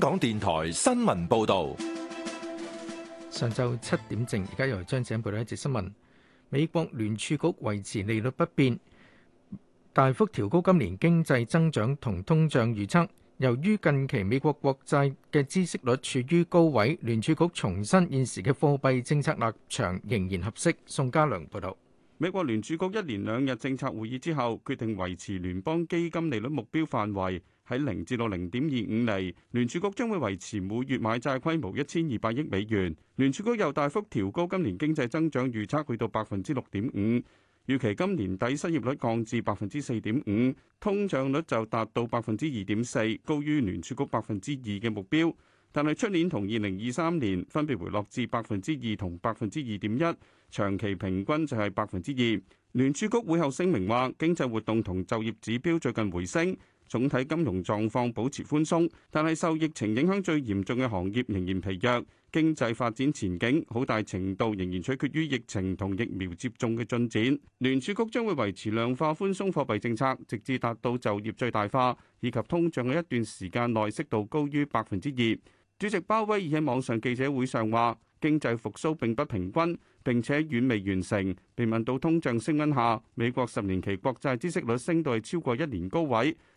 香港電台新聞報道：上晝七點正，而家由張子恩報道一節新聞。美國聯儲局維持利率不變，大幅調高今年經濟增長同通脹預測。由於近期美國國債嘅孳息率處於高位，聯儲局重申現時嘅貨幣政策立場仍然合適。宋家良報道：美國聯儲局一連兩日政策會議之後，決定維持聯邦基金利率目標範圍。喺零至到零點二五厘，聯儲局將會維持每月買債規模一千二百億美元。聯儲局又大幅調高今年經濟增長預測，去到百分之六點五。預期今年底失業率降至百分之四點五，通脹率就達到百分之二點四，高於聯儲局百分之二嘅目標。但係出年同二零二三年分別回落至百分之二同百分之二點一，長期平均就係百分之二。聯儲局會後聲明話，經濟活動同就業指標最近回升。總體金融狀況保持寬鬆，但係受疫情影響最嚴重嘅行業仍然疲弱。經濟發展前景好大程度仍然取決於疫情同疫苗接種嘅進展。聯儲局將會維持量化寬鬆貨幣政策，直至達到就業最大化以及通脹喺一段時間內適度高於百分之二。主席鮑威爾喺網上記者會上話：經濟復甦並不平均，並且遠未完成。被問到通脹升溫下，美國十年期國債孳息率升到係超過一年高位。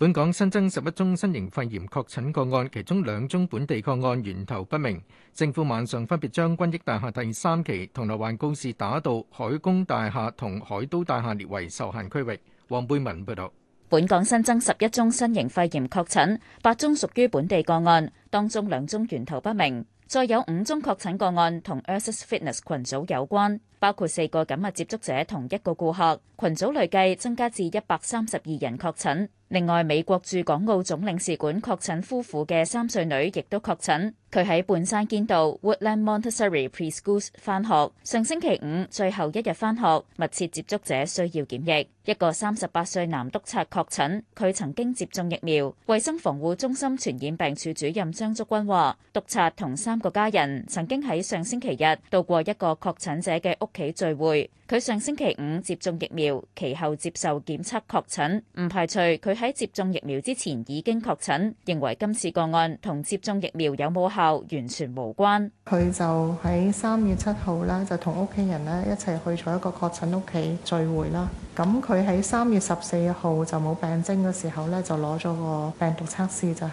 本港新增十一宗新型冠肺炎確診個案，其中兩宗本地個案源頭不明。政府晚上分別將軍益大廈第三期、銅鑼灣告士打道海宮大廈同海都大廈列為受限區域。黃貝文報道，本港新增十一宗新型冠肺炎確診，八宗屬於本地個案，當中兩宗源頭不明，再有五宗確診個案同 Ursus Fitness 群組有關，包括四個緊密接觸者同一個顧客。群組累計增加至一百三十二人確診。另外，美國駐港澳總領事館確診夫婦嘅三歲女亦都確診，佢喺半山堅道 Woodland Montessori Preschools 翻學，上星期五最後一日翻學，密切接觸者需要檢疫。一個三十八歲男督察確診，佢曾經接種疫苗。衛生防護中心傳染病處主任張竹君話，督察同三個家人曾經喺上星期日到過一個確診者嘅屋企聚會。佢上星期五接種疫苗，其後接受檢測確診，唔排除佢喺接種疫苗之前已經確診，認為今次個案同接種疫苗有冇效完全無關。佢就喺三月七號咧，就同屋企人咧一齊去咗一個確診屋企聚會啦。咁佢喺三月十四號就冇病徵嘅時候咧，就攞咗個病毒測試就係誒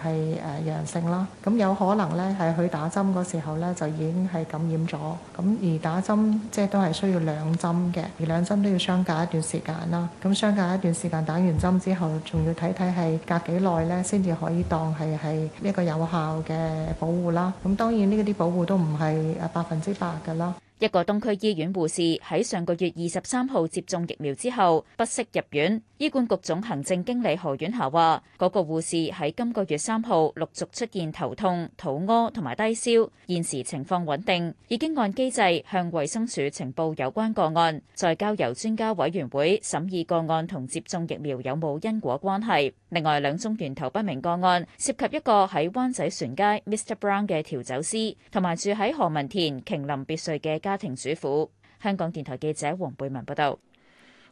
陽性啦。咁有可能咧係去打針時候咧就已經係感染咗。咁而打針即係都係需要兩針嘅，而兩針都要相隔一段時間啦。咁相隔一段時間打完針之後仲要睇睇係隔幾耐咧先至可以當係係一個有效嘅保護啦。咁當然呢嗰啲保護都唔。唔係百分之百嘅啦。一個東區醫院護士喺上個月二十三號接種疫苗之後不適入院，醫管局總行政經理何婉霞話：嗰個護士喺今個月三號陸續出現頭痛、肚屙同埋低燒，現時情況穩定，已經按機制向衛生署呈報有關個案，再交由專家委員會審議個案同接種疫苗有冇因果關係。另外兩宗源頭不明個案，涉及一個喺灣仔船街 Mr Brown 嘅調酒師，同埋住喺何文田瓊林別墅嘅。家庭主婦，香港電台記者黃貝文報道。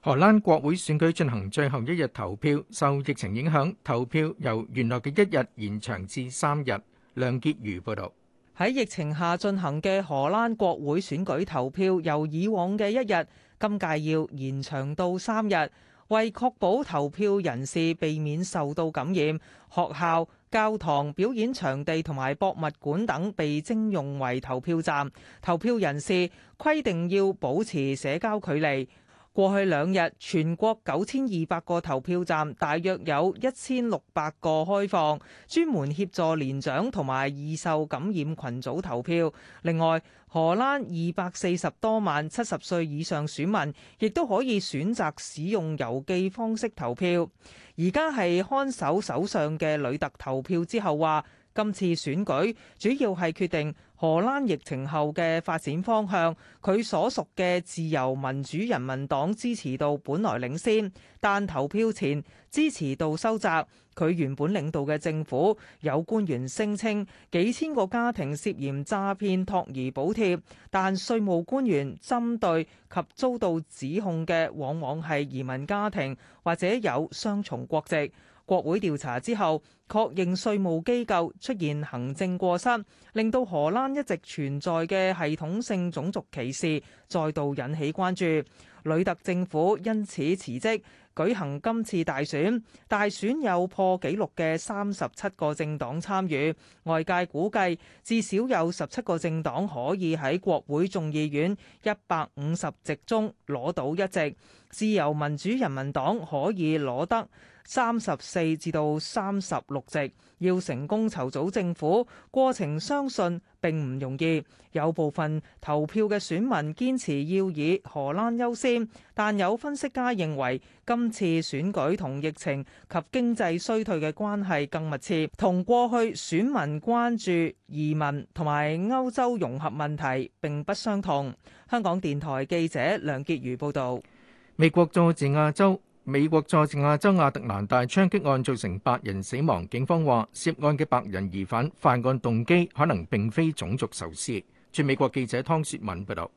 荷蘭國會選舉進行最後一日投票，受疫情影響，投票由原來嘅一日延長至三日。梁潔如報道：喺疫情下進行嘅荷蘭國會選舉投票，由以往嘅一日，今屆要延長到三日，為確保投票人士避免受到感染，學校、教堂、表演場地同埋博物館等被徵用為投票站，投票人士規定要保持社交距離。過去兩日，全國九千二百個投票站，大約有一千六百個開放，專門協助年長同埋易受感染群組投票。另外，荷蘭二百四十多萬七十歲以上選民，亦都可以選擇使用郵寄方式投票。而家係看守首相嘅呂特投票之後話，今次選舉主要係決定荷蘭疫情後嘅發展方向，佢所屬嘅自由民主人民黨支持度本來領先，但投票前支持度收窄。佢原本領導嘅政府有官員聲稱幾千個家庭涉嫌詐騙托兒補貼，但稅務官員針對及遭到指控嘅往往係移民家庭或者有雙重國籍。國會調查之後，確認稅務機構出現行政過失，令到荷蘭一直存在嘅系統性種族歧視再度引起關注。呂特政府因此辭職，舉行今次大選。大選有破紀錄嘅三十七個政黨參與，外界估計至少有十七個政黨可以喺國會眾議院一百五十席中攞到一席。自由民主人民黨可以攞得三十四至到三十六席，要成功籌組政府，過程相信並唔容易。有部分投票嘅選民堅持要以荷蘭優先，但有分析家認為今次選舉同疫情及經濟衰退嘅關係更密切，同過去選民關注移民同埋歐洲融合問題並不相同。香港電台記者梁潔如報導，美國佐治亞州。美國佐治亞州亞特蘭大槍擊案造成八人死亡，警方話涉案嘅白人疑犯，犯案動機可能並非種族仇視。駐美國記者湯雪敏報道：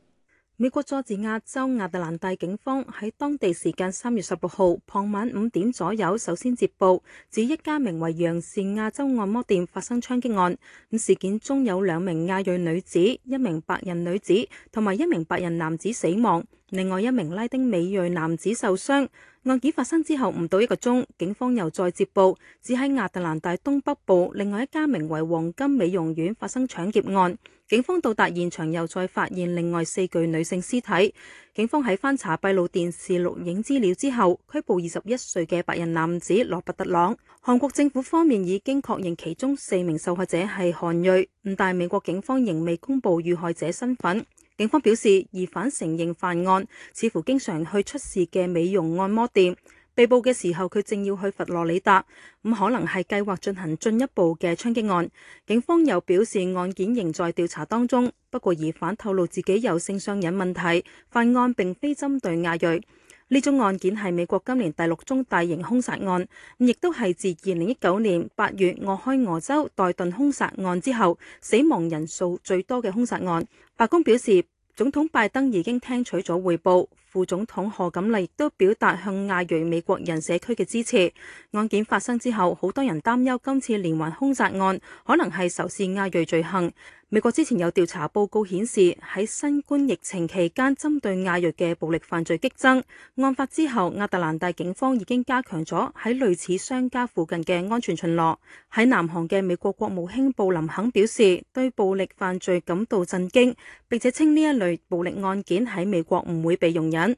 美國佐治亞州亞特蘭大警方喺當地時間三月十六號傍晚五點左右，首先接報指一家名為楊氏亞洲按摩店發生槍擊案，咁事件中有兩名亞裔女子、一名白人女子同埋一名白人男子死亡。另外一名拉丁美裔男子受傷。案件發生之後唔到一個鐘，警方又再接報，只喺亞特蘭大東北部另外一家名為黃金美容院發生搶劫案。警方到達現場又再發現另外四具女性屍體。警方喺翻查閉路電視錄影資料之後，拘捕二十一歲嘅白人男子羅伯特朗。韓國政府方面已經確認其中四名受害者係韓裔，唔但美國警方仍未公布遇害者身份。警方表示，疑犯承認犯案，似乎經常去出事嘅美容按摩店。被捕嘅時候，佢正要去佛羅里達，咁可能係計劃進行進一步嘅槍擊案。警方又表示，案件仍在調查當中。不過，疑犯透露自己有性上癮問題，犯案並非針對亞裔。呢宗案件係美國今年第六宗大型兇殺案，亦都係自二零一九年八月俄亥俄州代頓兇殺案之後死亡人數最多嘅兇殺案。白宮表示，總統拜登已經聽取咗匯報，副總統賀錦麗亦都表達向亞裔美國人社區嘅支持。案件發生之後，好多人擔憂今次連環兇殺案可能係仇視亞裔罪行。美國之前有調查報告顯示，喺新冠疫情期間，針對亞裔嘅暴力犯罪激增。案發之後，亞特蘭大警方已經加強咗喺類似商家附近嘅安全巡邏。喺南韓嘅美國國務卿布林肯表示，對暴力犯罪感到震驚，並且稱呢一類暴力案件喺美國唔會被容忍。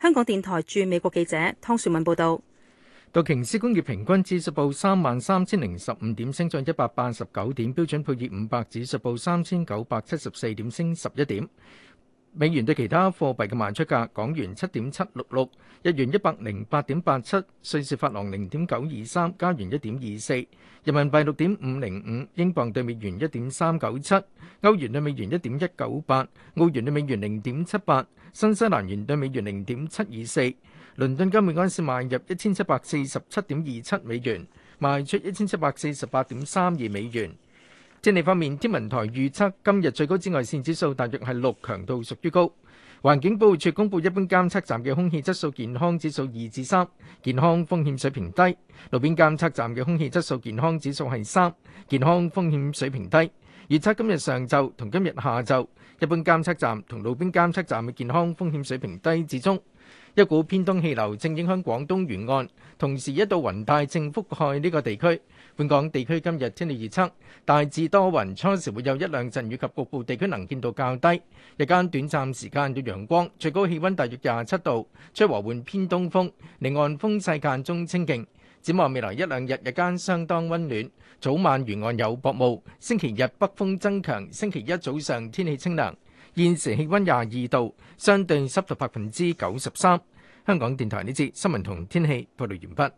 香港電台駐美國記者湯雪敏報道。道瓊斯工業平均指數報三萬三千零十五點，升漲一百八十九點；標準普爾五百指數報三千九百七十四點，升十一點。美元對其他貨幣嘅賣出價：港元七點七六六，日元一百零八點八七，瑞士法郎零點九二三，加元一點二四，人民幣六點五零五，英鎊對美元一點三九七，歐元對美元一點一九八，澳元對美元零點七八，新西蘭元對美元零點七二四。倫敦金每盎司買入一千七百四十七點二七美元，賣出一千七百四十八點三二美元。天氣方面，天文台預測今日最高紫外線指數大約係六，強度屬於高。環境保護署公布，一般監測站嘅空氣質素健康指數二至三，健康風險水平低；路邊監測站嘅空氣質素健康指數係三，健康風險水平低。預測今日上晝同今日下晝，一般監測站同路邊監測站嘅健康風險水平低至中。一股偏東氣流正影響廣東沿岸，同時一道雲帶正覆蓋呢個地區。本港地區今日天氣預測大致多雲，初時會有一兩陣雨及局部地區能見度較低。日間短暫時間有陽光，最高氣溫大約廿七度，吹和緩偏東風，離岸風勢間中清勁。展望未來一兩日，日間相當温暖，早晚沿岸有薄霧。星期日北風增強，星期一早上天氣清涼。現時氣溫廿二度，相對濕度百分之九十三。香港電台呢節新聞同天氣報道完畢。